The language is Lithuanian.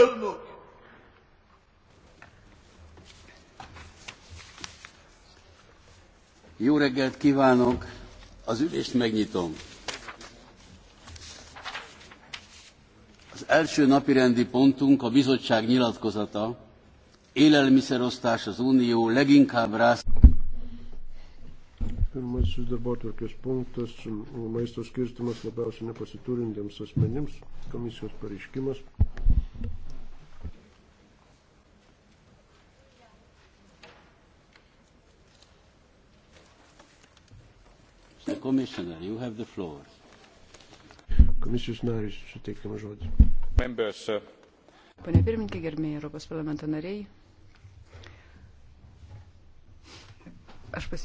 eunuch. Jó reggelt kívánok! Az ülést megnyitom. Az első napirendi pontunk a bizottság nyilatkozata. Élelmiszerosztás az Unió leginkább rász... Pirmasis darbotvarkės punktas - maisto skirstimas labiausiai nepasiturintiems asmenims, komisijos pareiškimas. Commissioner, you have the floor. Komisijos narys, suteikiamas žodis. Members. Pane pirmininkė, gerbėjai Europos parlamento nariai. Aš pasi...